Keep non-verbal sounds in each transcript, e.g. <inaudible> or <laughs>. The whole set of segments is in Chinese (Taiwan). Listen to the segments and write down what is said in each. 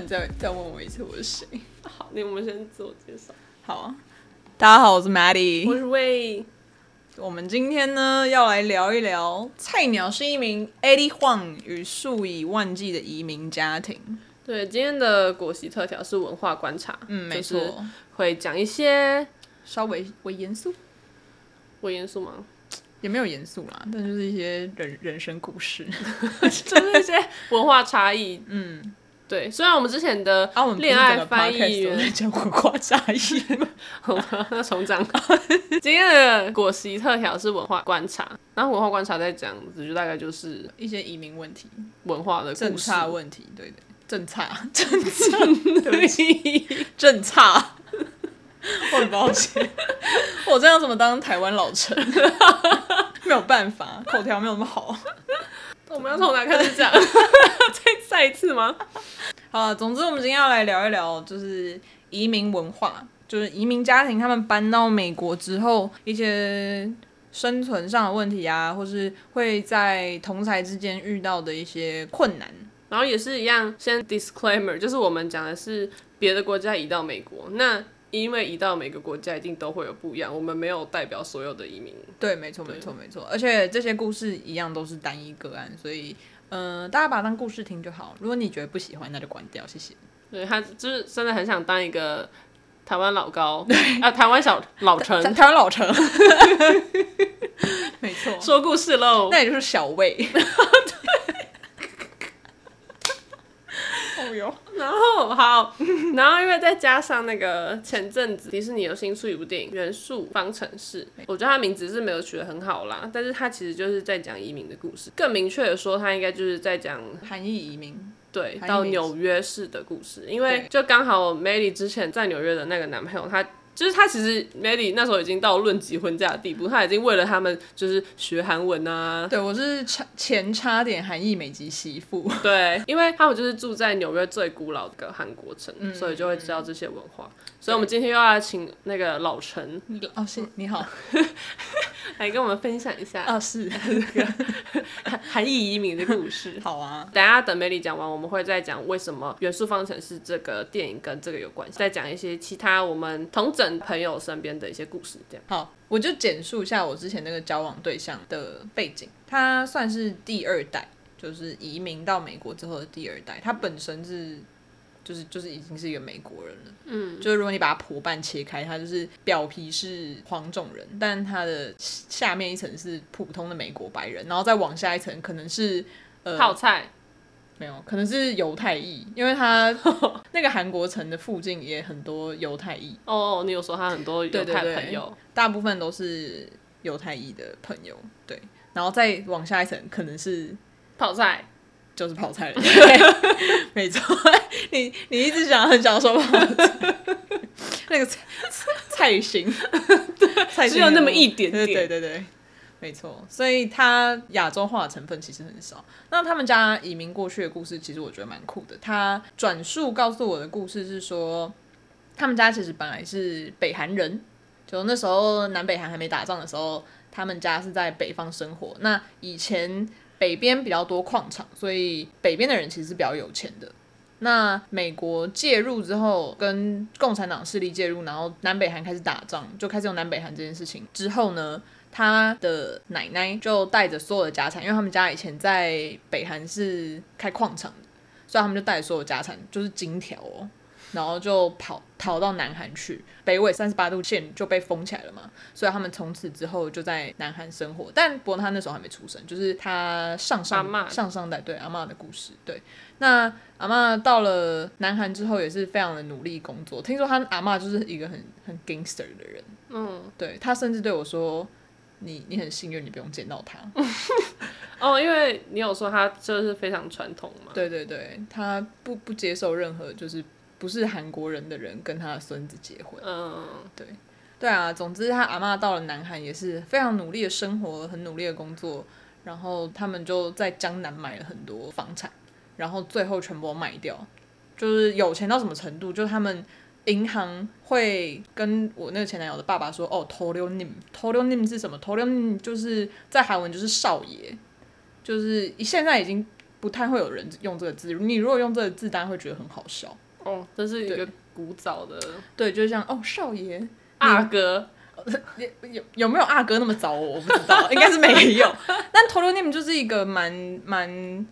你再再問我一次我是誰？好，那我們先自我介紹。好、啊，大家好，我是 Maddie，我是 Wei。我們今天呢要來聊一聊，菜鳥新移民 Eddie Huang 與數以萬計的移民家庭。對，今天的果席特調是文化觀察，嗯，沒錯，就是、會講一些稍微微嚴肅，微嚴肅嗎？也沒有嚴肅啦，但就是一些人人生故事， <laughs> 就是一些文化差異，嗯。對，雖然我們之前的戀愛翻譯員講文化差異，我們那從講今天的果昔特調是文化觀察，然後文化觀察再講，就大概就是一些移民問題、文化的故事、問題，對對，對，政策、對對 <laughs> 政策差、利 <laughs> 益、政策，很抱歉， <laughs> 我這樣怎麼當台灣老成？ <laughs> <laughs> 沒有辦法，口條沒有那麼好， <laughs> 我們要從哪開始講？ <laughs> <laughs> 再再一次嗎？啊，總之，我們今天要來聊一聊，就是移民文化，就是移民家庭他們搬到美國之後一些生存上的問題啊，或是會在同儕之間遇到的一些困難。然後也是一樣，先 disclaimer，就是我們講的是別的國家移到美國，那因為移到每個國家一定都會有不一樣，我們沒有代表所有的移民。對，沒錯，沒錯，沒錯。而且這些故事一樣都是單一個案，所以。嗯、呃，大家把它當故事聽就好。如果你覺得不喜歡，那就關掉，謝謝。對，他就是真的很想當一個台灣老高，啊，台灣小老陳，台灣老陳， <laughs> 沒錯，說故事嘍。那也就是小魏。 <laughs> 哦呦然後好，然後因為再加上那個前陣子迪士尼有新出一部電影《元素方程式》，我覺得它名字是沒有取得很好啦，但是它其實就是在講移民的故事。更明確的說，它應該就是在講韓裔移民對移民到紐約市的故事，因為就剛好 Maddie 之前在紐約的那個男朋友他。就是他其實 Maddie 那時候已經到論及婚嫁的地步，他已經為了他們就是學韓文啊。對，我是差前差點韓裔美籍媳婦。 <laughs> 對，因為他們就是住在紐約最古老的韓國城，嗯，所以就會知道這些文化，嗯。所以我們今天又要請那個老陳，嗯，哦，是你好，來 <laughs> 跟我們分享一下啊，哦，是韓韓裔移民的故事。 <laughs> 好啊，等下等 Maddie 講完，我們會再講為什麼元素方程式這個電影跟這個有關係，再講一些其他我們同整。朋友身邊的一些故事這樣。好，我就簡述一下我之前那個交往對象的背景。他算是第二代，就是移民到美國之後的第二代。他本身是，就是就是已經是一個美國人了。嗯，就是如果你把他剖半切開，他就是表皮是黃種人，但他的下面一層是普通的美國白人，然後再往下一層可能是呃泡菜。沒有，可能是猶太裔，因為他那個韓國城的附近也很多猶太裔。哦、oh, oh，你有說他很多猶太朋友。對對對，大部分都是猶太裔的朋友，對。然後再往下一層，可能是泡菜，就是泡菜了對。 <laughs> <laughs> 沒錯，你你一直想很想說泡菜，那個菜菜心， <laughs> 對，只有那麼一點點，對對對，對。沒錯，所以他亞洲化的成分其實很少。那他們家移民過去的故事，其實我覺得蠻酷的。他轉述告訴我的故事是說，他們家其實本來是北韓人，就那時候南北韓還沒打仗的時候，他們家是在北方生活。那以前北邊比較多礦場，所以北邊的人其實是比較有錢的。那美國介入之後，跟共產黨勢力介入，然後南北韓開始打仗，就開始用南北韓這件事情之後呢，他的奶奶就帶着所有的家產，因為他們家以前在北韓是開礦場的，所以他們就帶着所有家產，就是金條哦、喔，然後就跑逃到南韓去。北緯三十八度線就被封起來了嘛，所以他們從此之後就在南韓生活。但不過他那時候還沒出生，就是他上上上上代，對，阿嬤的故事，對。那阿嬤到了南韓之後，也是非常的努力工作。聽說他阿嬤就是一個很很 gangster 的人，嗯，對，他甚至對我說。你你很幸運，你不用見到他。哦、 <laughs> oh，因為你有說他就是非常傳統嘛。對對對，他不不接受任何就是不是韓國人的人跟他的孫子結婚。嗯、oh，對對啊，總之他阿嬤到了南韓也是非常努力的生活，很努力的工作，然後他們就在江南買了很多房產，然後最後全部賣掉，就是有錢到什麼程度，就是他們。銀行會跟我那個前男友的爸爸說：“哦，도련님，도련님是什麼？도련님就是在韓文就是少爺，就是現在已經不太會有人用這個字。你如果用這個字，大家會覺得很好笑哦。這是一個古早的，對，對就像哦少爺、阿哥，有有沒有阿哥那麼早我？我我不知道， <laughs> 應該是沒有。 <laughs> 但도련님就是一個蠻蠻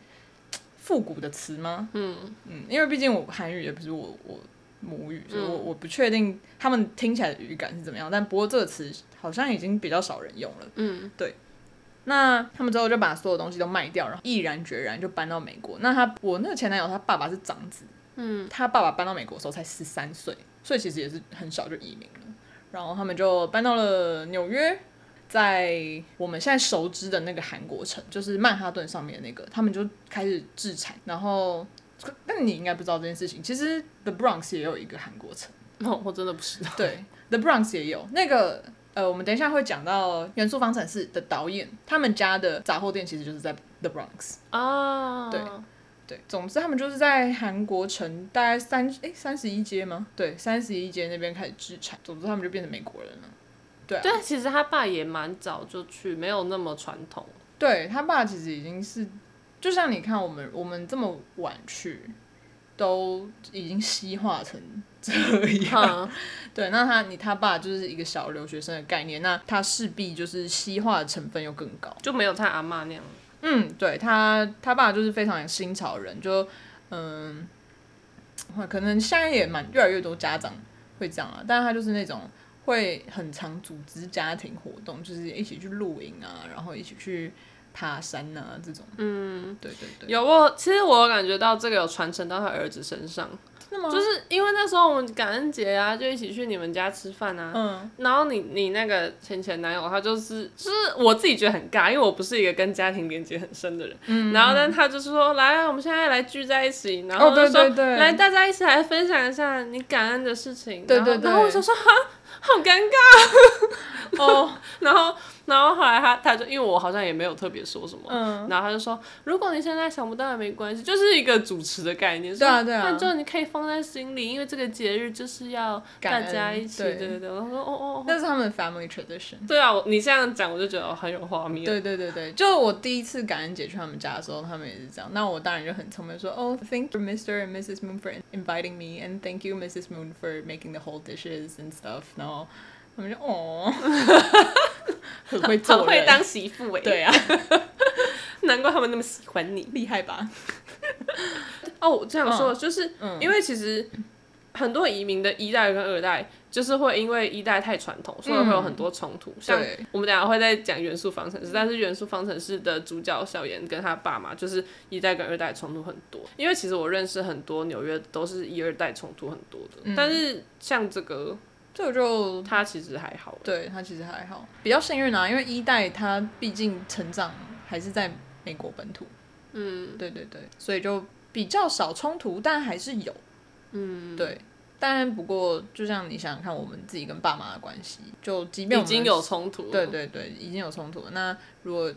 復古的詞嘛？嗯嗯，因為畢竟我韓語也不是我我。”母語，所以我我不確定他們聽起來的語感是怎麼樣，嗯、但不過這個詞好像已經比較少人用了。嗯，對。那他們之後就把所有東西都賣掉，然後毅然決然就搬到美國。那他我那個前男友他爸爸是長子，嗯，他爸爸搬到美國的時候才十三歲，所以其實也是很小就移民了。然後他們就搬到了紐約，在我們現在熟知的那個韓國城，就是曼哈頓上面的那個，他們就開始置產，然後。那你應該不知道這件事情。其實 The Bronx 也有一個韓國城，oh, 我真的不知道。對 <laughs> ，The Bronx 也有那個，呃，我們等一下會講到《元素方程式》的導演，他們家的雜貨店其實就是在 The Bronx 哦。Oh.，對對，總之他們就是在韓國城，大概三哎三十一街嗎？對，三十一街那邊開始制產，總之他們就變成美國人了。對啊。對，其實他爸也蠻早就去，沒有那麼傳統。對他爸其實已經是。就像你看，我們我們這麼晚去，都已經西化成這樣。 <laughs> <laughs> 對，那他你他爸就是一個小留學生的概念，那他勢必就是西化的成分又更高，就沒有他阿嬤那樣。嗯，對他他爸就是非常新潮人，就嗯，可能現在也蠻越來越多家長會這樣了啊，但他就是那種會很常組織家庭活動，就是一起去露營啊，然後一起去。爬山吶、啊，這種，嗯，對對對，有我，其實我有感覺到這個有傳承到他兒子身上，那麼，就是因為那時候我們感恩節啊，就一起去你們家吃飯啊、嗯，然後你你那個前前男友他就是，就是我自己覺得很尬，因為我不是一個跟家庭連接很深的人，嗯，然後但他就是說，嗯、來，我們現在來聚在一起，然後就說，哦對對對對，來，大家一起來分享一下你感恩的事情，對對對，然後，然後我就說哈，好尷尬，哦、 <laughs> oh,，然後。然後後來他他就因為我好像也沒有特別說什麼，嗯，然後他就說，如果你現在想不到也沒關係，就是一個主持的概念，對啊對啊，那就你可以放在心裡，因為這個節日就是要大家一起感恩，對,對對對，我說哦哦,哦哦，那是他們 family tradition，對啊，你這樣講我就覺得很有畫面，對對對對，就我第一次感恩節去他們家的時候，他們也是這樣，那我當然就很聰明說，哦、oh,，thank you Mr. and Mrs. Moon for inviting me and thank you Mrs. Moon for making the whole dishes and stuff、嗯、然後。我們就哦，很會做 <laughs> 很會當媳婦哎、欸，對啊， <laughs> 難怪他們那麼喜歡你，厲害吧？哦，我這樣說、嗯、就是因為其實很多移民的一代跟二代就是會因為一代太傳統，所以會有很多衝突。像、嗯、我們等下會再講元素方程式、嗯，但是元素方程式的主角小嚴跟他爸媽就是一代跟二代衝突很多，因為其實我認識很多紐約都是一二代衝突很多的、嗯，但是像這個。這就，就他其實還好，對他其實還好，比較幸運啊，因為一代他畢竟成長還是在美國本土，嗯，對對對，所以就比較少衝突，但還是有，嗯，對，但不過就像你想想看，我們自己跟爸媽的關係，就即便我們已經有衝突，對對對，已經有衝突，那如果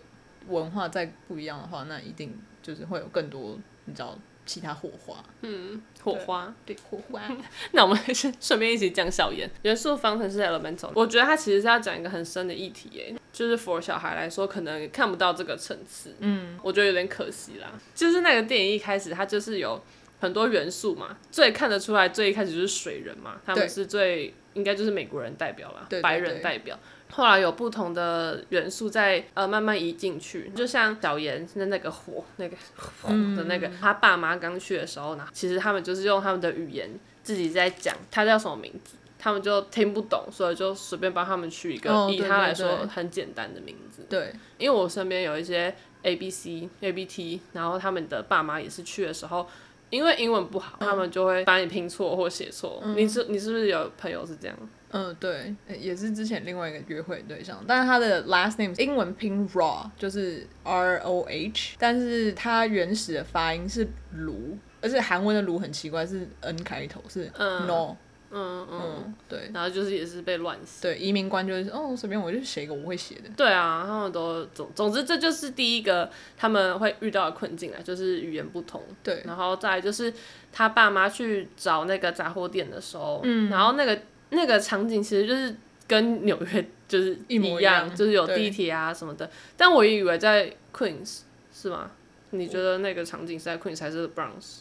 文化再不一樣的話，那一定就是會有更多，你知道。其他火花，嗯，火花，對，對火花。 <laughs> 那我們還是順便一起講小言元素方程式 Elemental。我覺得它其實是要講一個很深的議題耶，就是 for 小孩來說可能看不到這個層次，嗯，我覺得有點可惜啦。就是那個電影一開始，它就是有。很多元素嘛，最看得出來，最一開始就是水人嘛，他們是最應該就是美國人代表吧，白人代表。後來有不同的元素在呃慢慢移進去，就像小嚴在那個火、那個、火的那個，的那個他爸媽剛去的時候呢，其實他們就是用他們的語言自己在講他叫什麼名字，他們就聽不懂，所以就隨便幫他們取一個、哦、以他來說很簡單的名字。對，對，對，對，因為我身邊有一些 A B C A B T，然後他們的爸媽也是去的時候。因為英文不好、嗯，他們就會把你拼錯或寫錯、嗯。你是你是不是有朋友是這樣？嗯，對，也是之前另外一個約會對象，但是他的 last name 英文拼 raw 就是 R O H，但是它原始的發音是盧，而且韓文的盧很奇怪，是 N 開頭，是 no、嗯。嗯嗯，嗯，對，然後就是也是被亂寫。對，移民官就是哦，隨便我就寫一個我會寫的。對啊，他們都總總之這就是第一個他們會遇到的困境啊，就是語言不同。對，然後再來就是他爸媽去找那個雜貨店的時候，嗯、然後那個那個場景其實就是跟紐約就是一,一模一樣，就是有地鐵啊什麼的。但我以為在 Queens 是嗎？你覺得那個場景是在 Queens 還是 Bronx？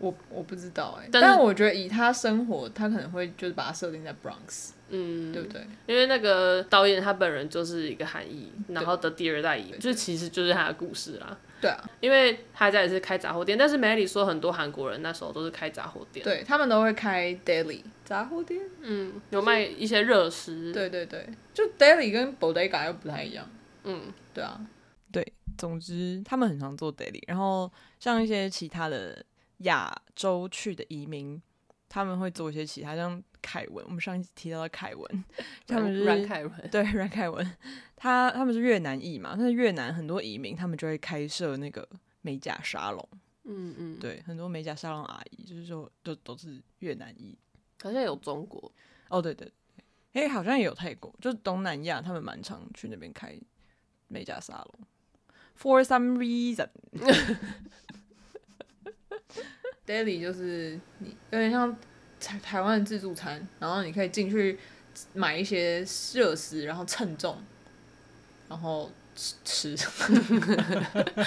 我我不知道哎、欸，但我覺得以他生活，他可能會就是把它設定在 Bronx，嗯，對不對？因為那個導演他本人就是一個韓裔，然後的第二代移民，就其實就是他的故事啦。對啊，因為他家也是開雜貨店，但是 Maddie 說很多韓國人那時候都是開雜貨店，對他們都會開 Deli 雜貨店，嗯、就是，有賣一些熱食。對對對，就 Deli 跟 Bodega 又不太一樣，嗯，對啊，對，總之他們很常做 Deli，然後像一些其他的。亞洲去的移民，他們會做一些其他，像凱文，我們上次提到的凱文，他們是，阮、阮凱文，對，阮凱文，他他們是越南裔嘛，但是越南很多移民，他們就會開設那個美甲沙龍，嗯嗯，對，很多美甲沙龍阿姨就是說都都是越南裔，好像有中國，哦、oh, 對，對對，誒、欸，好像也有泰國，就是東南亞，他們蠻常去那邊開美甲沙龍，for some reason。 <laughs> Daily 就是你有點像台台灣自助餐，然後你可以進去買一些熱食，然後稱重，然後吃吃什麼？ <laughs>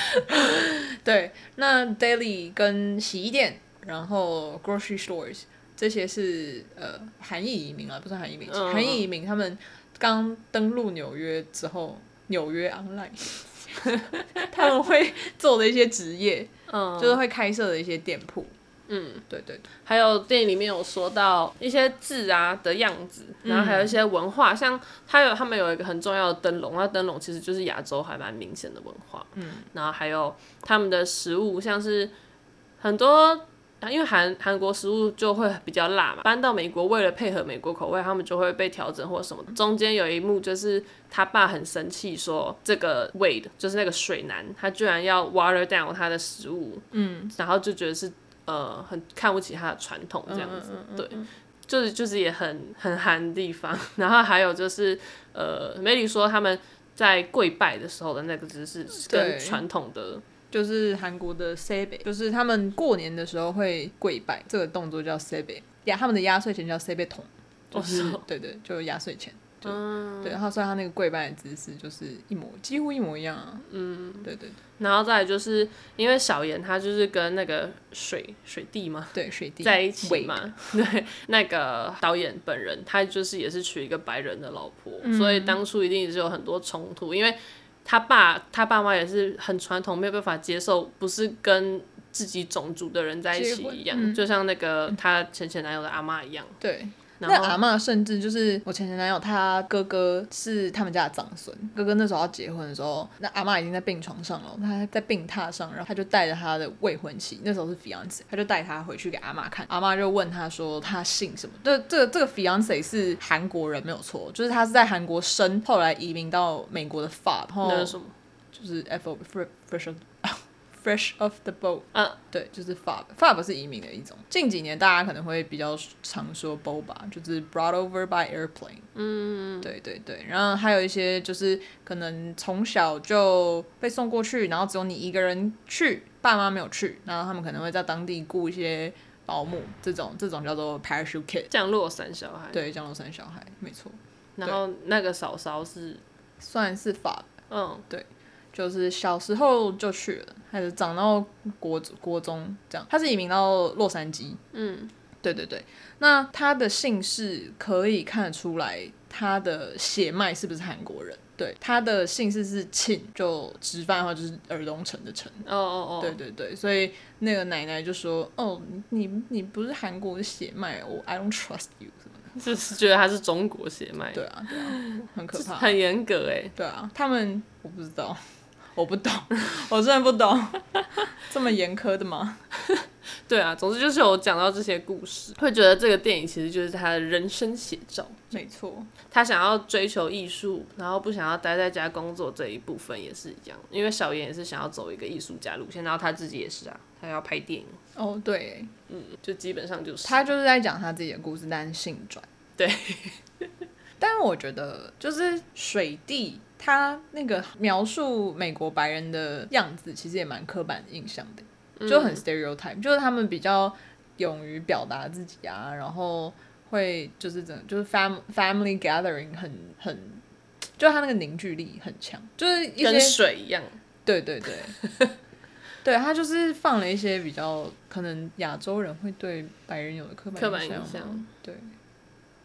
<laughs> 對，那 Daily 跟洗衣店，然後 Grocery Stores 這些是呃韓裔移民啊，不是韓裔移民，韓、uh、裔 -huh. 移民他們剛登陸紐約之後，紐約 Online <laughs> 他們會做的一些職業。嗯，就是會開設的一些店鋪。嗯，對，對對，還有電影裡面有說到一些字啊的樣子，嗯、然後還有一些文化，像他有他們有一個很重要的燈籠，那燈籠其實就是亞洲還蠻明顯的文化。嗯，然後還有他們的食物，像是很多。因為韓韓國食物，就會比較辣嘛，搬到美國，為了配合美國口味，他們就會被調整或什麼。中間有一幕就是他爸很生氣，說這個 Wade 就是那個水男，他居然要 water down 他的食物，嗯、然後就覺得是呃很看不起他的傳統這樣子，嗯嗯嗯嗯嗯對，就是就是也很很韓的地方。 <laughs> 然後還有就是呃美女說他們在跪拜的時候的那個姿勢跟傳統的。就是韓國的세배，就是他們過年的時候會跪拜，這個動作叫세배，壓他們的壓歲錢叫세뱃돈，就是、oh, so. 對，對對，就壓歲錢，對、oh. 對。然後所以他那個跪拜的姿勢就是一模幾乎一模一樣啊，嗯對，對對。然後再就是因為小燄他就是跟那個水水弟嘛，對水弟在一起嘛，Wake. 對那個導演本人他就是也是娶一個白人的老婆，嗯、所以當初一定是有很多衝突，因為。他爸他爸媽也是很傳統，沒有辦法接受，不是跟自己種族的人在一起一樣，嗯、就像那個他前前男友的阿嬤一樣。對。那阿嬤甚至就是我前前男友，他哥哥是他們家的長孫。哥哥那時候要結婚的時候，那阿嬤已經在病床上了，他在病榻上，然後他就帶着他的未婚妻，那時候是 fiancé，他就帶他回去給阿嬤看。阿嬤就問他說，他姓什麼？這、這個、這個 fiancé 是韓國人，沒有錯，就是他是在韓國生，後來移民到美國的 FOB。a 那是什麼？就是 f o f ferson。Fresh off the boat 啊，對，就是 FOB，FOB 是移民的一種。近幾年大家可能會比較常說 Boba，就是 brought over by airplane。嗯，對對對。然後還有一些就是可能從小就被送過去，然後只有你一個人去，爸媽沒有去，然後他們可能會在當地雇一些保姆，這種這種叫做 parachute kid，降落傘小孩。對，降落傘小孩，沒錯。然後那個嫂嫂是算是 FOB，嗯，對。就是小時候就去了，還是長到國國中這樣。他是移民到洛杉磯。嗯，對對對。那他的姓氏可以看得出來，他的血脈是不是韓國人？對，他的姓氏是陳，就直翻的話就是耳東陳的陳。哦哦哦。對對對。所以那個奶奶就說：“哦，你你不是韓國的血脈，我 I don't trust you。”就是覺得他是中國血脈。對啊對啊，很可怕，啊，很嚴格哎、欸。對啊，他們我不知道。我不懂， <laughs> 我真的不懂，這麼嚴苛的嗎？ <laughs> 對啊，總之就是有講到這些故事，會覺得這個電影其實就是他的人生寫照，沒錯。他想要追求藝術，然後不想要待在家工作這一部分也是一樣，因為小嚴也是想要走一個藝術家路線，然後他自己也是啊，他要拍電影。哦，對，嗯，就基本上就是他就是在講他自己的故事，但是性轉，對， <laughs> 但我覺得就是水地他那個描述美國白人的樣子，其實也蠻刻板印象的，嗯，就很 stereotype，就是他們比較勇於表達自己啊，然後會就是怎，就是 family family gathering 很很，就他那個凝聚力很強，就是一些跟水一樣，對對對， <laughs> <laughs> 對他就是放了一些比較可能亞洲人會對白人有的刻板印象,有沒有，刻板印象，對，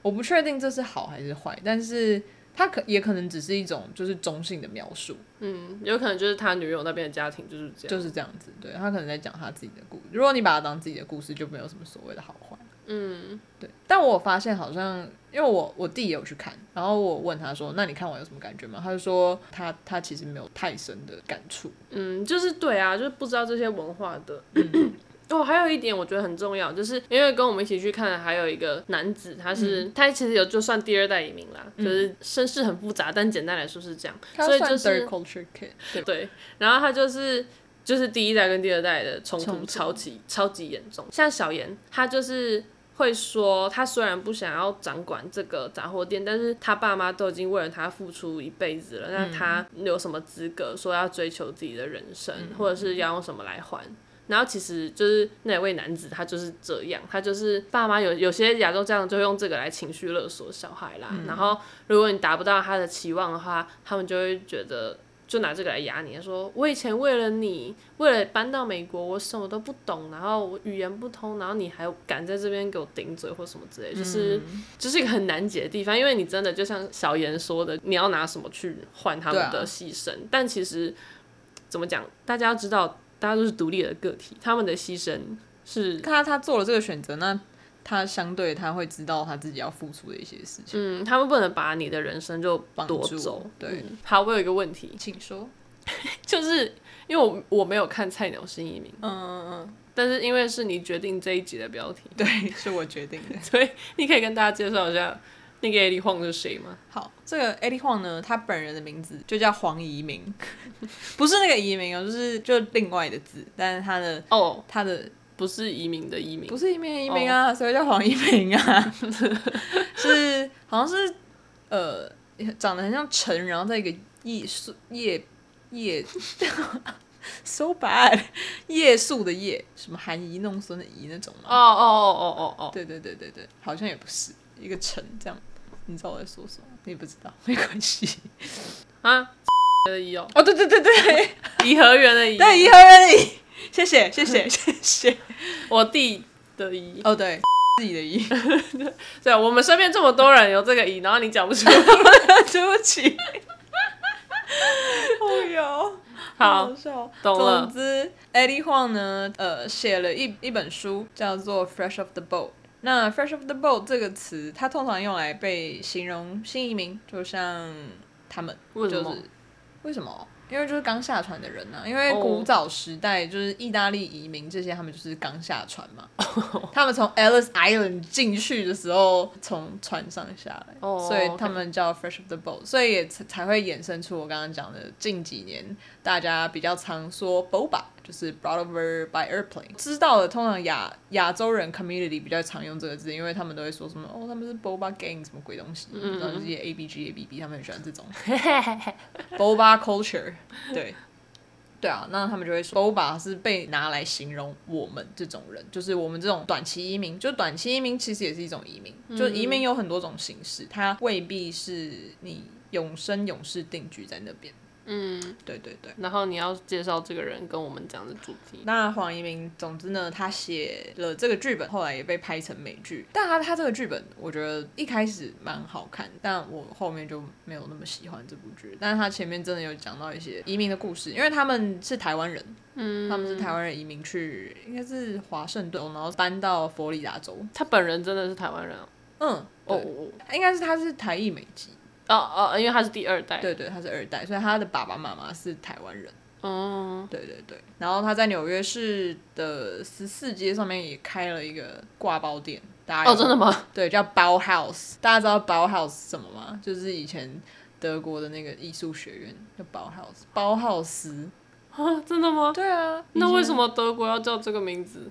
我不確定這是好還是壞，但是。他可也可能只是一種就是中性的描述，嗯，有可能就是他女友那邊的家庭就是這樣，就是這樣子，對，他可能在講他自己的故事。如果你把他當自己的故事，就沒有什麼所謂的好壞，嗯，對。但我發現好像，因為我我弟也有去看，然後我問他說：“那你看完有什麼感覺嗎？”他就說他他其實沒有太深的感觸，嗯，就是對啊，就是不知道這些文化的。 <coughs> 哦，還有一點我覺得很重要，就是因為跟我們一起去看還有一個男子，他是、嗯、他其實有就算第二代移民啦、嗯，就是身世很複雜，但簡單來說是這樣，kid, 所以就是對，對然後他就是就是第一代跟第二代的衝突超級衝突超級嚴重，像小嚴他就是會說，他雖然不想要掌管這個雜貨店，但是他爸媽都已經為了他付出一輩子了，嗯，那他有什麼資格說要追求自己的人生，嗯，或者是要用什麼來還？然後其實就是那位男子，他就是這樣，他就是爸媽有，有些亞洲家長就用這個來情緒勒索小孩啦、嗯。然後如果你達不到他的期望的話，他們就會覺得，就拿這個來壓你，他說我以前為了你，為了搬到美國，我什麼都不懂，然後我語言不通，然後你還敢在這邊給我頂嘴或什麼之類，就是、嗯、就是一個很難解的地方，因為你真的就像小嚴說的，你要拿什麼去換他們的犧牲、啊。但其實怎麼講，大家要知道。大家都是獨立的個體，他們的犧牲是、嗯，看他他做了這個選擇，那他相對他會知道他自己要付出的一些事情。嗯，他們不能把你的人生就奪走。綁住，對、嗯，好，我有一個問題，請說， <laughs> 就是因為我我沒有看《菜鳥新移民》，嗯，嗯嗯嗯，但是因為是你決定這一集的標題，對，是我決定的，所 <laughs> 以你可以跟大家介紹一下，那個 Eddie Huang 是誰嗎？好，這個 Eddie Huang 呢，他本人的名字就叫黃一民， <laughs> 不是那個移民哦，就是就另外的字，但是他的哦，oh, 他的不是移民的移民，不是移民移民啊，所、oh. 以叫黃一民啊， <laughs> 是好像是呃，長得很像陳，然後在一個夜宿夜夜 <laughs> ，so bad 夜宿的夜，什麼含飴弄孫的飴那種嗎？哦哦哦哦哦哦，oh, oh, oh, oh, oh. 對對對對對，好像也不是。一個城，這樣，你知道我在說什麼？你不知道，沒關係。啊，X、的怡哦，哦，對對對對，頤 <laughs> 和園的怡，對，頤和園的怡，謝謝謝謝謝謝， <laughs> 我弟的怡，哦對，自己的怡， <laughs> 對，我們身邊這麼多人有這個怡， <laughs> 然後你講不出來， <laughs> 對不起。沒 <laughs> 有 <laughs> ，好，懂了。總之，Eddie Huang 呢，呃，寫了一一本書，叫做《Fresh Off the Boat》。那 fresh off the boat 這個詞，它通常用來被形容新移民，就像他們。就是，為什麼？為什麼？因為就是剛下船的人啊，因為古早時代就是意大利移民這些，他們就是剛下船嘛。Oh. 他們從 Ellis Island 進去的時候，從船上下來，oh, okay. 所以他們叫 fresh off the boat，所以也才會衍生出我剛剛講的近幾年大家比較常說 Boba。就是 brought over by airplane，知道的，通常亞亞洲人 community 比較常用這個字，因為他們都會說什麼哦，他們是 Boba Gang 什麼鬼東西，然、嗯、後就是些 A B G A B B，他們很喜歡這種 <laughs> Boba culture 對。對對啊，那他們就會說 <laughs> Boba 是被拿來形容我們這種人，就是我們這種短期移民。就短期移民其實也是一種移民，就移民有很多種形式，它未必是你永生永世定居在那邊。嗯，對對對。然後你要介紹這個人跟我們講的主題。那黃頤銘，總之呢，他寫了這個劇本，後來也被拍成美劇。但他他這個劇本，我覺得一開始蠻好看，但我後面就沒有那麼喜歡這部劇。但是他前面真的有講到一些移民的故事，因為他們是台灣人，嗯，他們是台灣人移民去，應該是華盛頓，然後搬到佛羅里達州。他本人真的是台灣人，啊，嗯，哦，Oh. 應該是他是台裔美籍。哦哦，因為他是第二代，對對，他是二代，所以他的爸爸媽媽是台灣人。哦，oh, oh, oh, 對對對，然後他在紐約市的十四街上面也開了一個刈包店。大家哦，oh, 真的嗎？對，叫包 house。大家知道包 house 什麼嗎？就是以前德國的那個藝術學院叫包 house，包 house 啊，真的嗎？對啊。那為什麼德國要叫這個名字？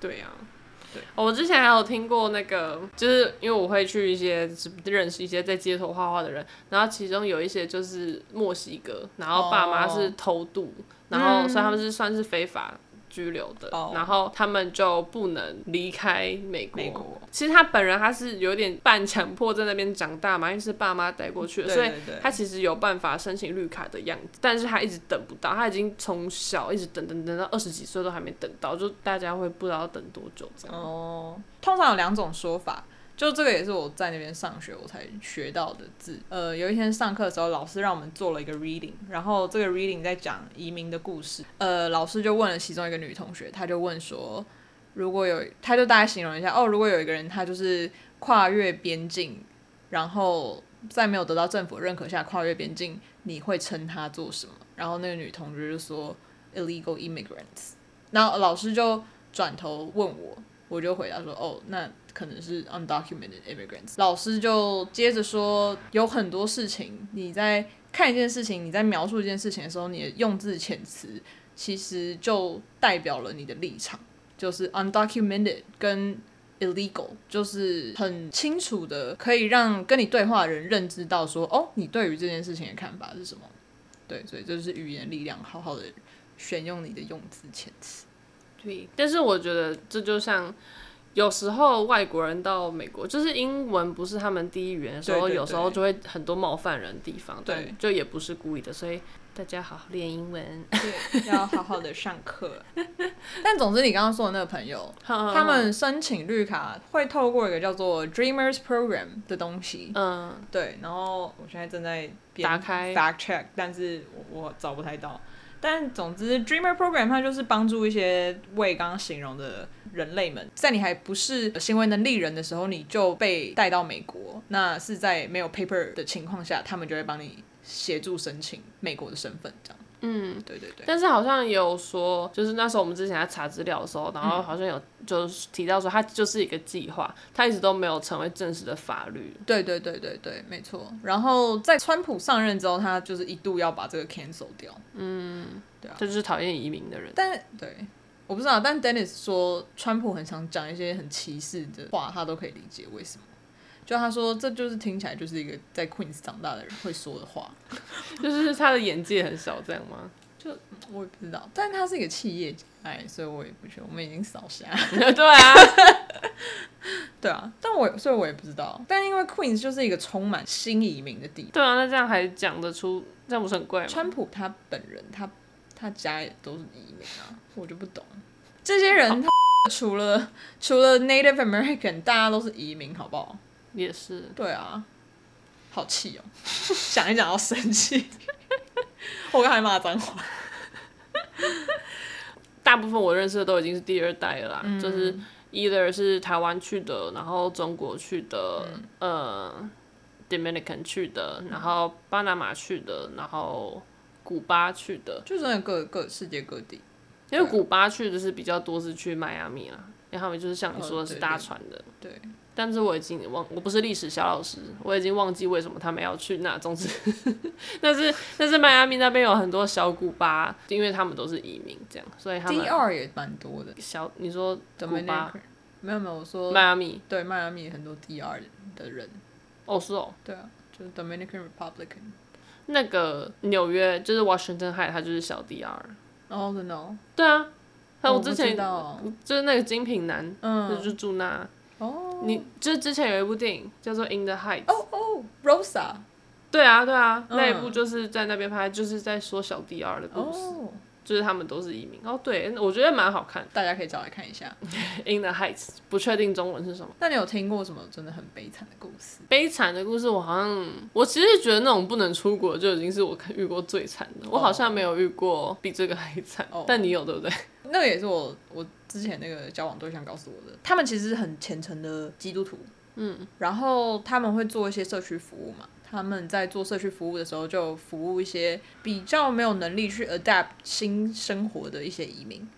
對呀、啊，對，我之前還有聽過那個，就是因為我會去一些認識一些在街頭畫畫的人，然後其中有一些就是墨西哥，然後爸媽是偷渡、哦，然後所以他們是算是非法。嗯拘留的，oh. 然後他們就不能離開美國，美國。其實他本人他是有點半強迫在那邊長大嘛，因為是爸媽帶過去的，所以他其實有辦法申請綠卡的樣子，但是他一直等不到，他已經從小一直等等等到二十幾歲都還沒等到，就大家會不知道等多久這樣。哦、oh，通常有兩種說法。就這個也是我在那邊上學我才學到的字。呃，有一天上課的時候，老師讓我們做了一個 reading，然後這個 reading 在講移民的故事。呃，老師就問了其中一個女同學，她就問說，如果有她就大概形容一下，哦，如果有一個人他就是跨越邊境，然後在沒有得到政府認可下跨越邊境，你會稱他做什麼？然後那個女同學就說 illegal immigrants。然後老師就轉頭問我，我就回答說，哦，那。可能是 undocumented immigrants。老師就接着說，有很多事情，你在看一件事情，你在描述一件事情的時候，你的用字遣詞，其實就代表了你的立場。就是 undocumented 跟 illegal，就是很清楚的，可以讓跟你對話的人認知到，說，哦，你對於這件事情的看法是什麼？對，所以這就是語言力量。好好的選用你的用字遣詞。對，但是我覺得這就像。有時候外國人到美國，就是英文不是他們第一語言的時候，所以有時候就會很多冒犯人的地方，對，就也不是故意的，所以大家好好練英文， <laughs> 對，要好好的上課。 <laughs> 但總之，你剛剛說的那個朋友好好好好，他們申請綠卡會透過一個叫做 Dreamers Program 的東西，嗯，對。然後我現在正在打開 Fact check，但是我我找不太到。但總之，Dreamer Program 它就是幫助一些我剛剛形容的人類們，在你還不是行為能力人的時候，你就被帶到美國。那是在沒有 paper 的情況下，他們就會幫你協助申請美國的身份，這樣。嗯，對對對，但是好像有說，就是那時候我們之前在查資料的時候，然後好像有就是提到說，他就是一個計劃，他一直都沒有成為正式的法律。對對對對對，沒錯。然後在川普上任之後，他就是一度要把這個 cancel 掉。嗯，對啊，這就是討厭移民的人。但對，我不知道。但 Dennis 說，川普很常講一些很歧視的話，他都可以理解為什麼。就他說，這就是聽起來就是一個在 Queens 長大的人會說的話，就是他的眼界很小，這樣嗎？ <laughs> 就我也不知道，但他是一個企業家，哎，所以我也不去。我們已經掃下， <laughs> 對啊， <laughs> 對啊，但我所以我也不知道。但因為 Queens 就是一個充滿新移民的地方，對啊，那這樣還講得出，這樣不是很怪嗎？川普他本人他，他他家也都是移民啊，我就不懂這些人他除，除了除了 Native American，大家都是移民，好不好？也是，對啊，好氣哦， <laughs> 想一想要生氣， <laughs> <laughs> 我剛還罵髒話。 <laughs> 大部分我認識的都已經是第二代了啦、嗯，就是 either 是台灣去的，然後中國去的，嗯、呃，Dominican 去的，然後巴拿馬去的，然後古巴去的，就是各各世界各地、啊。因為古巴去的是比較多，是去邁阿密啦，然後就是像你說的是大船的，哦、對,對,對。對但是我已經忘，我不是歷史小老師，我已經忘記為什麼他們要去那。總之，呵呵，但是但是邁阿密那邊有很多小古巴，因為他們都是移民這樣，所以他們。D R 也蠻多的。小，你說古巴？Dominican, 沒有沒有，我說邁阿密。Miami, 對，邁阿密很多 D R 的人。哦，是哦。對啊，就是 Dominican Republic。那個紐約就是 Washington Heights，它就是小 D R。哦，對啊，還有我之前、oh, 我就是那個精品男，嗯，就是就住那。哦、oh,，你就是之前有一部電影叫做《In the Heights》。哦哦，Rosa。對啊，對啊，嗯，那一部就是在那邊拍，就是在說小 DR 二的故事，oh, 就是他們都是移民。哦、oh,，對，我覺得蠻好看，大家可以找來看一下《In the Heights》，不確定中文是什麼。但你有聽過什麼真的很悲慘的故事？悲慘的故事，我好像，我其實覺得那種不能出國就已經是我遇過最慘的。我好像沒有遇過比這個還慘，oh, 但你有對不對？那個也是我我。之前那個交往對象告訴我的，他們其實是很虔誠的基督徒，嗯，然後他們會做一些社區服務嘛，他們在做社區服務的時候就服務一些比較沒有能力去 adapt 新生活的一些移民，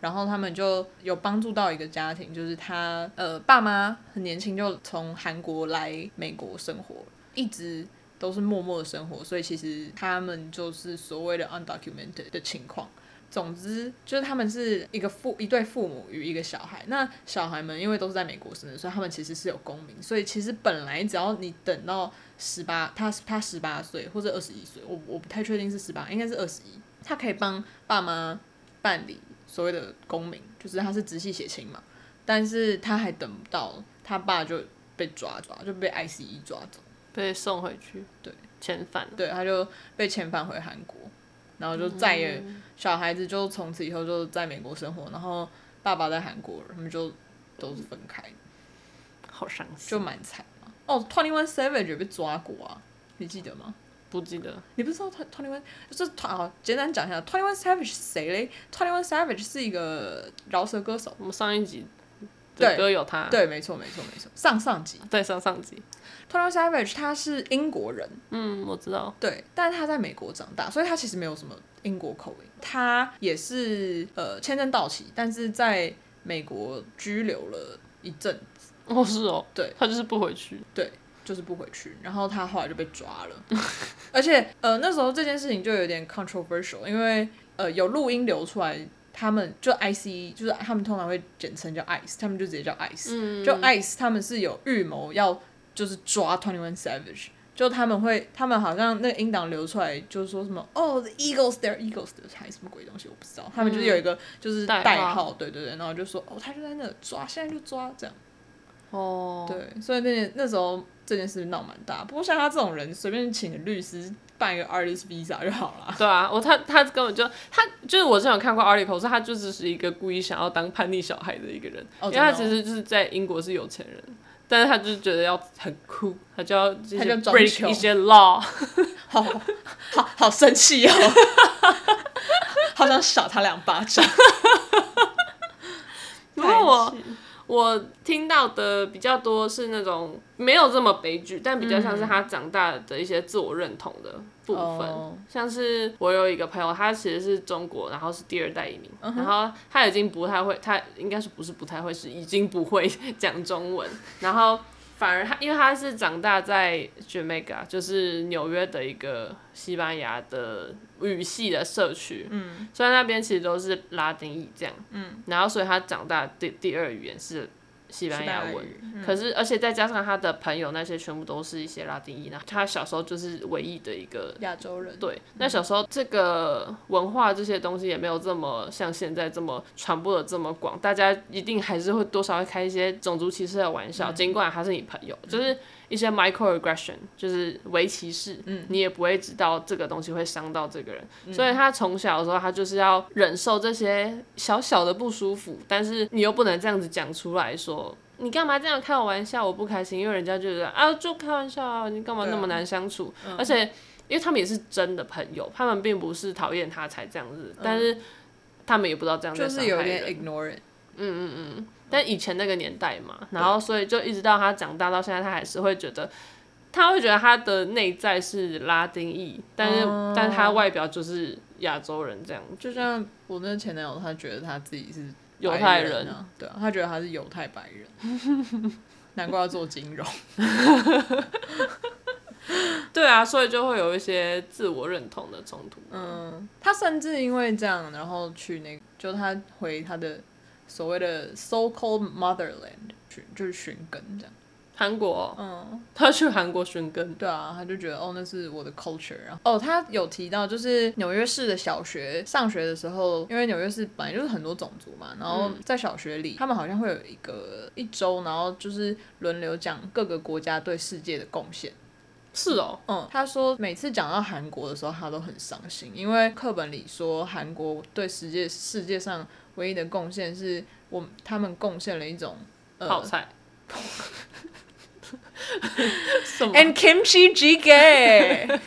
然後他們就有幫助到一個家庭，就是他呃爸媽很年輕就從韓國來美國生活，一直都是默默的生活，所以其實他們就是所謂的 undocumented 的情況。總之就是他們是一個父，一對父母與一個小孩。那小孩們因為都是在美國生的，所以他們其實是有公民。所以其實本來只要你等到十八，他他十八歲或者二十一歲，我我不太確定是十八，應該是二十一，他可以幫爸媽辦理所謂的公民，就是他是直系血親嘛。但是他還等不到，他爸就被抓，抓就被 ICE 抓走，被送回去，對遣返，對他就被遣返回韓國，然後就再也。嗯小孩子就從此以後就在美國生活，然後爸爸在韓國，他們就都是分開，嗯、好傷心，就蠻慘嘛。哦，Twenty One Savage 被抓過啊，你記得嗎？不記得。你不知道 Twenty One 就是他啊？簡單講一下 Twenty One Savage 是誰嘞？Twenty One Savage 是一個饒舌歌手。我們上一集。對，有他、啊。對，沒錯，沒錯，沒錯。上上集對，上上集。Tommy Savage，他是英國人。嗯，我知道。對，但是他在美國長大，所以他其實沒有什麼英國口音。他也是呃簽證到期，但是在美國拘留了一陣子。哦，是哦。對，他就是不回去。對，就是不回去。然後他後來就被抓了。 <laughs> 而且呃那時候這件事情就有點 controversial，因為呃有錄音流出來。他們就 ICE，就是他們通常會簡稱叫 ICE，他們就直接叫 ICE、嗯。就 ICE，他們是有預謀要就是抓 Twenty One Savage，就他們會，他們好像那個音檔流出來，就是說什麼哦，the Eagles there，Eagles there 還什麼鬼東西，我不知道、嗯。他們就是有一個就是代號，代號對對對，然後就說哦，他就在那抓，現在就抓這樣。哦，對，所以那那時候。這件事鬧蠻大，不過像他這種人，隨便請個律師辦一個 artist visa 就好了。對啊，我他他根本就他就是我之前有看過 article，說他就只是一個故意想要當叛逆小孩的一個人，哦哦、因為他其實就是在英國是有錢人，但是他就是覺得要很酷，他就要直接 break 他就一些 law，好好好生氣哦， <laughs> 好想打他兩巴掌， <laughs> 不過我。我聽到的比較多是那種沒有這麼悲劇，但比較像是他長大的一些自我認同的部分、嗯。像是我有一個朋友，他其實是中國，然後是第二代移民，嗯、然後他已經不太會，他應該是不是不太會，是已經不會講中文。然後反而他，因為他是長大在 j e r a 就是紐約的一個西班牙的。語系的社區，嗯，雖然那邊其實都是拉丁裔這樣，嗯，然後所以他長大第第二語言是西班牙文、西班牙語、嗯，可是而且再加上他的朋友那些全部都是一些拉丁裔，那他小時候就是唯一的一個亞洲人，對、嗯，那小時候這個文化這些東西也沒有這麼像現在這麼傳播的這麼廣，大家一定還是會多少會開一些種族歧視的玩笑，儘、嗯、管他是你朋友，嗯、就是。一些 micro aggression 就是微歧視、嗯，你也不會知道這個東西會傷到這個人，嗯、所以他從小的時候，他就是要忍受這些小小的不舒服，但是你又不能這樣子講出來說，你幹嘛這樣開我玩笑，我不開心，因為人家就覺得啊，就開玩笑、啊，你幹嘛那麼難相處，啊、而且、嗯、因為他們也是真的朋友，他們並不是討厭他才這樣子、嗯，但是他們也不知道這樣子，就是有點 ignore it，嗯嗯嗯。但以前那個年代嘛，然後所以就一直到他長大到現在，他還是會覺得，他會覺得他的內在是拉丁裔，但是、嗯、但他外表就是亞洲人這樣。就像我那前男友，他覺得他自己是猶太人啊，對啊，他覺得他是猶太白人。 <laughs> 難怪要做金融。 <laughs> <laughs> <laughs> 對啊，所以就會有一些自我認同的衝突。嗯，他甚至因為這樣，然後去那個，就他回他的。所謂的 so-called motherland，就是尋根這樣。韓國，嗯，他去韓國尋根。對啊，他就覺得哦，那是我的 culture。然後哦，他有提到，就是紐約市的小學上學的時候，因為紐約市本來就是很多種族嘛，然後在小學裡，他們好像會有一個一周，然後就是輪流講各個國家對世界的貢獻。是哦，嗯，他說每次講到韓國的時候，他都很傷心，因為課本裡說韓國對世界世界上唯一的貢獻是我，我他們貢獻了一種、呃、泡菜， <laughs> <laughs> 什麼？And kimchi jjigae,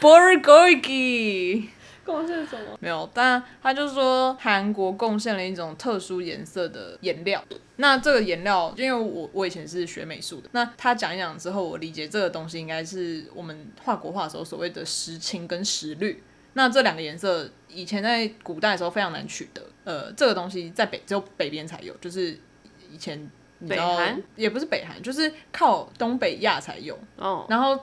bulgogi. 貢獻什麼？沒有，但他就是說韓國貢獻了一種特殊顏色的顏料。那這個顏料，因為我我以前是學美術的，那他講一講之後，我理解這個東西應該是我們畫國畫的時候所謂的石青跟石綠。那這兩個顏色以前在古代的時候非常難取得，呃，這個東西在北只有北邊才有，就是以前你知道北韓也不是北韓，就是靠東北亞才有。哦，然後。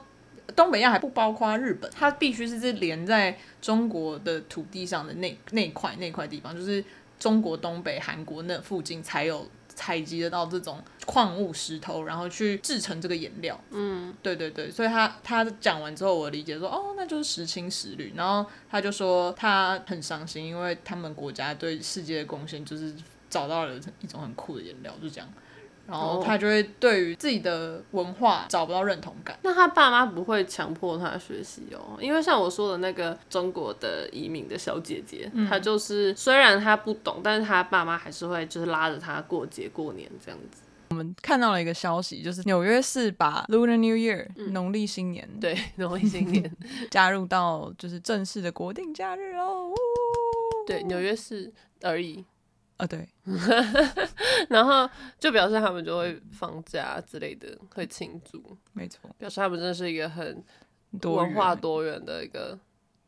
東北亞還不包括日本，它必須是這連在中國的土地上的那那塊那塊地方，就是中國東北、韓國那附近才有採集得到這種礦物石頭，然後去製成這個顏料。嗯，對對對，所以他他講完之後，我理解說，哦，那就是石青石綠。然後他就說他很傷心，因為他們國家對世界的貢獻就是找到了一種很酷的顏料，就這樣。然後他就會對於自己的文化找不到認同感。Oh. 那他爸媽不會強迫他學習哦，因為像我說的那個中國的移民的小姐姐，她、嗯、就是雖然她不懂，但是她爸媽還是會就是拉着她過節過年這樣子。我們看到了一個消息，就是紐約市把 Lunar New Year（ 農、嗯、曆新年）對農曆新年 <laughs> 加入到就是正式的國定假日哦。對，紐約市而已。啊、哦，對， <laughs> 然後就表示他們就會放假之類的，會慶祝。沒錯，表示他們真的是一個很多文化多元的一個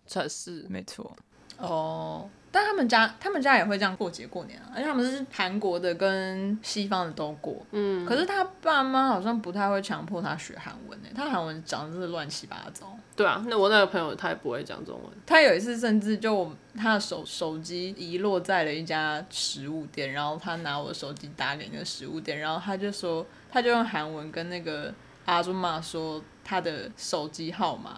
城市。沒錯，哦。但他們家，他們家也會這樣過節過年啊，而且他們是韓國的跟西方的都過，嗯、可是他爸媽好像不太會強迫他學韓文誒、欸，他韓文講的真的亂七八糟。對啊，那我那個朋友他也不會講中文，他有一次甚至就他的手手機遺落在了一家食物店，然後他拿我的手機打給那個食物店，然後他就說，他就用韓文跟那個阿祖媽說他的手機號碼。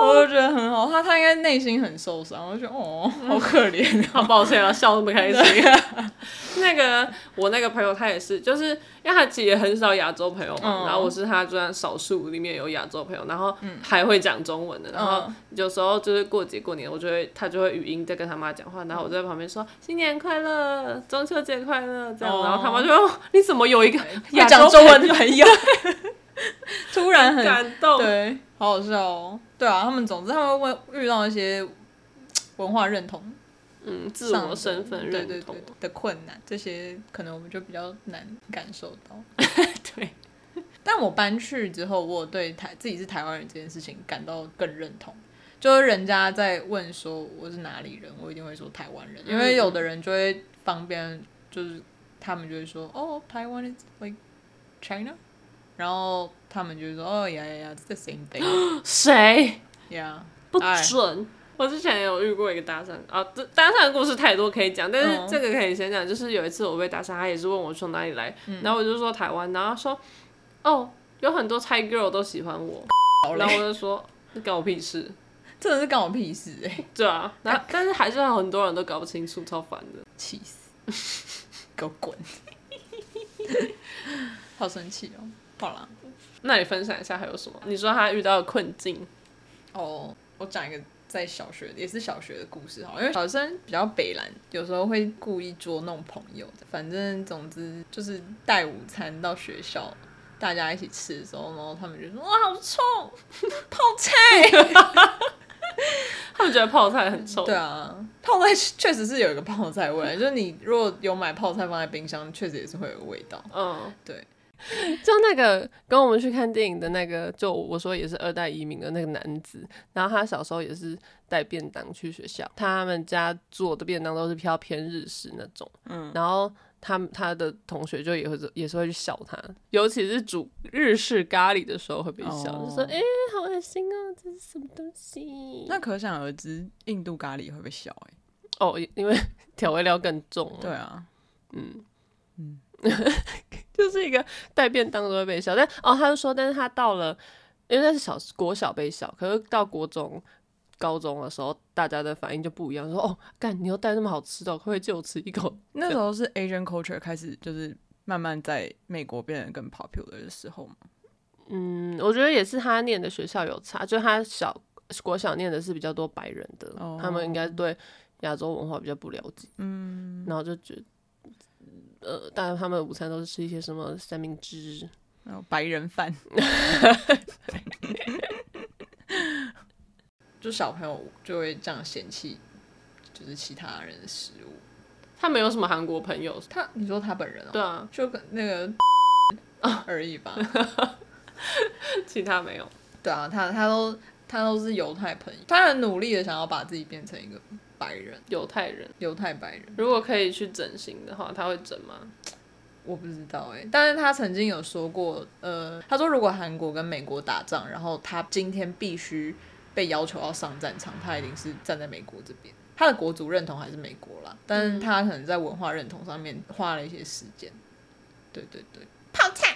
我就覺得很好，他他應該內心很受傷，我就覺得哦，好可憐、嗯，好抱歉啊，笑那麼開心。那個我那個朋友他也是，就是因為他其實也很少亞洲朋友嘛、嗯，然後我是他雖然少數裡面有亞洲朋友，然後還會講中文的，然後有時候就是過節過年，我就會他就會語音在跟他媽講話，然後我在旁邊說、嗯、新年快樂，中秋節快樂這樣、哦，然後他媽就說你怎麼有一個會講中文的朋,朋友？ <laughs> <laughs> 突然很，很感動，對，好好笑哦，對啊，他們總之他們會問遇到一些文化認同，嗯，自我身份認同對對對的困難，這些可能我們就比較難感受到。 <laughs> 對，但我搬去之後，我對台自己是台灣人這件事情感到更認同。就是人家在問說我是哪裡人，我一定會說台灣人，因為有的人就會方便，就是他們就會說哦，台、嗯、灣、Oh, is like China。然後他們就說：“哦呀呀呀，這、yeah, 個、yeah, 誰誰呀、yeah. 不准！” Aye. 我之前有遇過一個搭訕啊，搭訕故事太多可以講，但是這個可以先講。就是有一次我被搭訕，他也是問我從哪裡來、嗯，然後我就說台灣，然後他說：“哦，有很多 Thai girl 都喜歡我。”然後我就說：“ <laughs> 這關我屁事！”真的是幹我屁事哎、欸，對啊。那、啊、但是還是讓很多人都搞不清楚，超煩的，氣死！給我滾！ <laughs> <laughs> 好生氣哦。好了，那你分享一下還有什麼？你說他遇到的困境哦。Oh, 我講一個在小學也是小學的故事哈，因為小學生比較北爛，有時候會故意捉弄朋友。反正總之就是帶午餐到學校，大家一起吃的時候，然後他們就說：“哇，好臭， <laughs> 泡菜！” <laughs> <laughs> 他們覺得泡菜很臭。對啊，泡菜確實是有一個泡菜味， <laughs> 就是你如果有買泡菜放在冰箱，確實也是會有味道。嗯、Oh，對。就那個跟我們去看電影的那個，就我說也是二代移民的那個男子，然後他小時候也是帶便當去學校，他們家做的便當都是比較偏日式那種，嗯，然後他們他的同學就也會也是會去笑他，尤其是煮日式咖喱的時候會被笑，哦、就說哎、欸、好惡心哦、啊，這是什麼東西？那可想而知，印度咖喱會被笑哎、欸，哦，因為調味料更重，對啊，嗯嗯。 <laughs> 就是一個帶便當都會被笑，但哦，他就說，但是他到了，因為那是小國小被笑，可是到國中、高中的時候，大家的反應就不一樣，說哦，幹，你又帶這麼好吃的，會不會借我吃一口？那時候是 Asian culture 開始就是慢慢在美國變得更 popular 的時候。嗯，我覺得也是他念的學校有差，就他小國小念的是比較多白人的，哦、他們應該對亞洲文化比較不了解，嗯，然後就覺得。呃，當然，他們的午餐都是吃一些什麼三明治，還、哦、有白人飯， <laughs> <laughs> 就小朋友就會這樣嫌棄，就是其他人的食物。他沒有什麼韓國朋友，他你說他本人啊、哦？對啊，就跟那個、哦、而已吧， <laughs> 其他沒有。對啊，他他都他都是猶太朋友，他很努力的想要把自己變成一個。白人、猶太人、猶太白人，如果可以去整形的話，他會整嗎？我不知道哎、欸，但是他曾經有說過，呃，他說如果韓國跟美國打仗，然後他今天必須被要求要上戰場，他一定是站在美國這邊，他的國族認同還是美國啦，但是他可能在文化認同上面花了一些時間、嗯。對對對，泡菜。